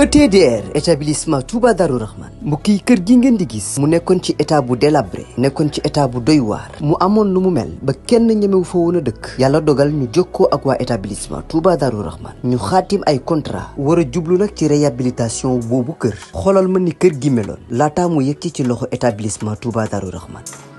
ETDR établissement Touba Darou Rahman mbokk yi kër gi ngeen di gis mu nekkoon ci état bu délabré nekkoon ci état bu doy mu amoon lu mu mel ba kenn ñemewu fa woon a dëkk yàlla dogal ñu ko ak waa établissement Touba Darou Rahman ñu xaatim ay contrat war a jublu nag ci réhabilitation boobu kër xoolal ma ni kër gi meloon laataa mu yegg ci ci loxo établissement Touba Darou Rahman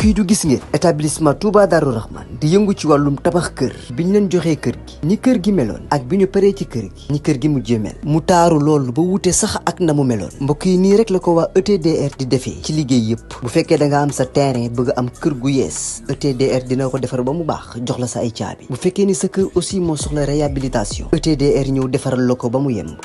mbokk yi du gis ngeen établissement Touba Darou Rahman di yëngu ci wàllum tabax kër bi ñu leen joxee kër gi ni kër gi meloon ak bi ñu paree ci kër gi ni kër gi mujjee mel mu taaru loolu ba wute sax ak na mu meloon mbokk yi nii rek la ko waa ETDR di defee ci liggéey yëpp bu fekkee da am sa terrain bëgg am kër gu yees ETDR dina ko defar ba mu baax jox la sa ay caabi bu fekkee ni sa kër aussi moo soxla réhabilitation ETDR ñëw defaral la ko ba mu yemb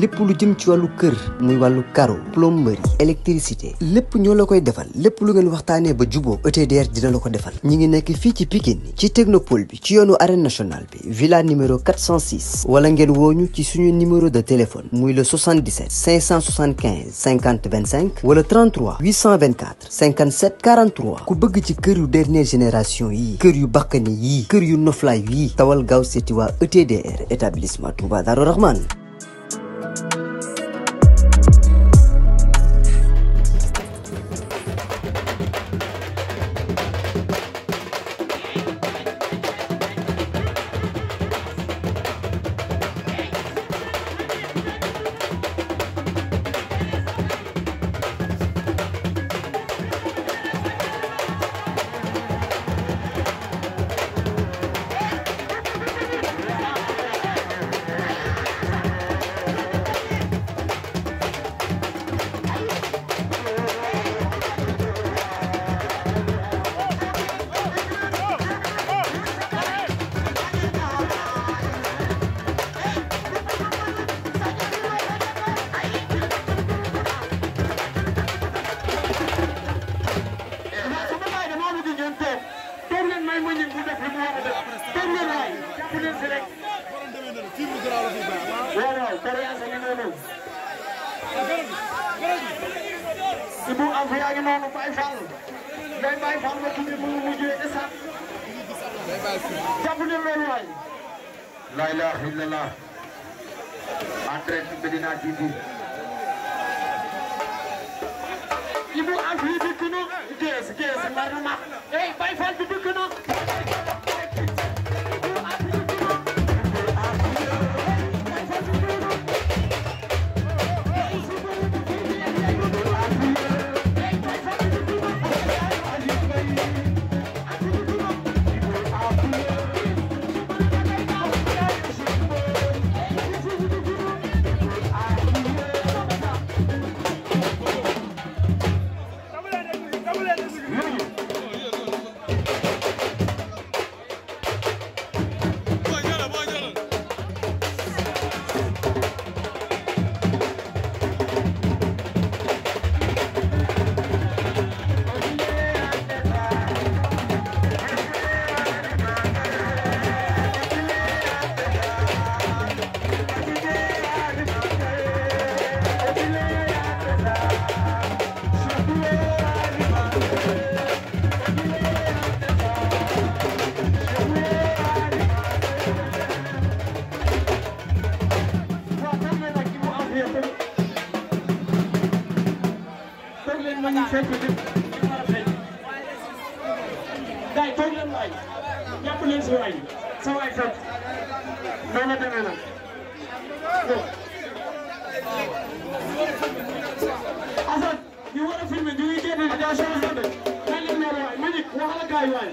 lépp lu jëm ci wàllu kër muy wàllu carreau plomberie électricité lépp ñoo la koy defal lépp lu ngeen waxtaanee ba juboo ETDR dina la ko defal ñi ngi nekk fii ci Pikine ci technopole bi ci yoonu arène nationale bi villa numéro 406 wala ngeen wooñu ci suñu numéro de téléphone muy le 77 575 50 25 wala 33 824 57 43 ku bëgg ci kër yu dernière génération yi kër yu bakkani yi kër yu noflaay yi tawal gaaw seeti waa ETDR établissement Touba Darou Rahman ku leen fi rek. waaw waaw Koreyante ngi noonu. Ibou Afia yaa ngi noonu Baye Fall. day Baye Fall ba tudd mu ngi mujjee esat. jàpp leen loolu waay. la ilaha illallah. en direct Medina TV. Ibou Afia dikk na. Kees kees mar na mat. eh Baye Fall bi dikk feeñ with def li war a feeñ gars yi toog leen waay jàpp leen si waay sa waay toog noonu la demee nag Assane ñu war a filmé ñu ngi génn attention Assane de mel leen noonu waay Mbagnick waxal gars yi waay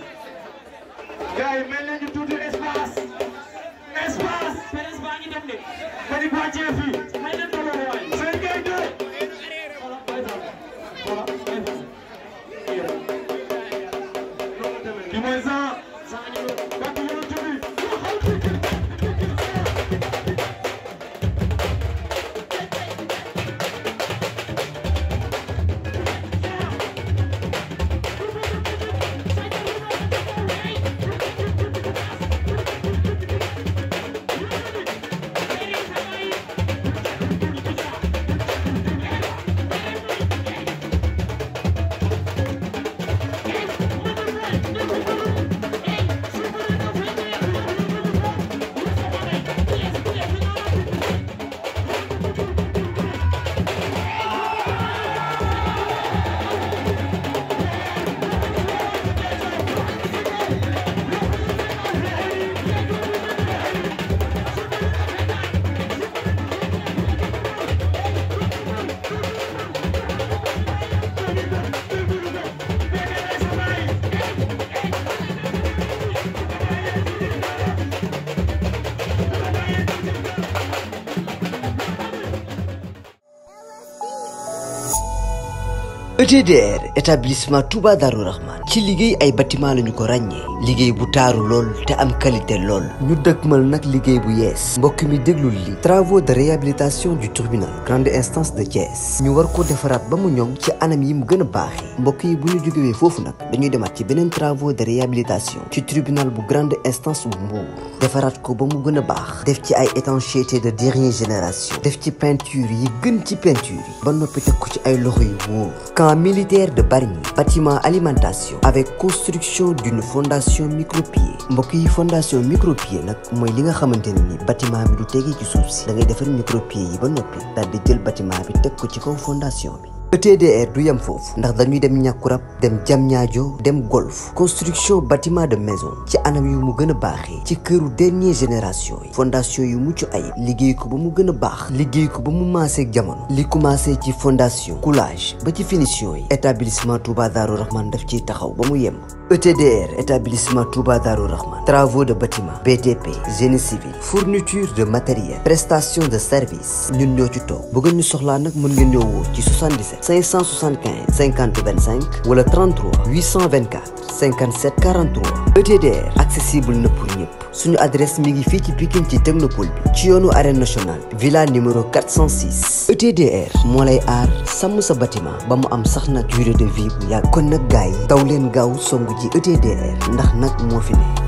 gars yi mel leen S pass. S pass. ETDR établissement Touba Darou Rahman ci liggéey ay bâtiment la ñu ko ràññee liggéey bu taaru lool te am qualité lool ñu dëgmal nag liggéey bu yees mbokk mi déglul li travaux de réhabilitation du tribunal grande instance de Thiès ñu war ko defaraat ba mu ñoŋ ci anam yi mu gën a baaxee mbokk yi bu ñu jógewee foofu nag dañuy demaat ci beneen travaux de réhabilitation ci tribunal bu grande instance bu Mbour defaraat ko ba mu gën a baax def ci ay étanchéité de dernière génération def ci peinture yi gën ci peinture yi ba noppi teg ko ci ay loxo yu wóor camp militaire de Bargny bâtiment alimentation avec construction d'une fondation micropieux mbokk fondation micropieux nak moy li nga bâtiment bi du tegee ci la da ngay micropieux yi ba di jël bâtiment bi ci kaw fondation ETDR du yem foofu ndax dañuy dem ñàkkurab dem ñaajo dem golf construction bâtiment de maison ci anam yu mu gën a baaxee ci këru dernier génération yi fondation yu mucc ayib liggéey ko ba mu gën a baax liggéey ko ba mu maasee jamono li commencé ci fondation coulage ba ci finition yi établissement Touba Darou Rahman daf ciy taxaw ba mu yem ETDR, établissement Touba Darou Rahman, travaux de bâtiment, BTP, génie civil, fourniture de matériel, prestation de service ñun ñoo ci toog bu ngeen ñu soxlaa nag mën ngeen 77 575 50 25 wala 33 824 57 43 ETDR accessible pour ñëpp suñu adresse mi ngi fii ci Pikine ci technopole arène nationale villa numéro 406 ETDR moo ar, aar sa bâtiment ba mu am de vie bu yàgg kon nag gars yi leen ci ETDR ndax nag moo fi ne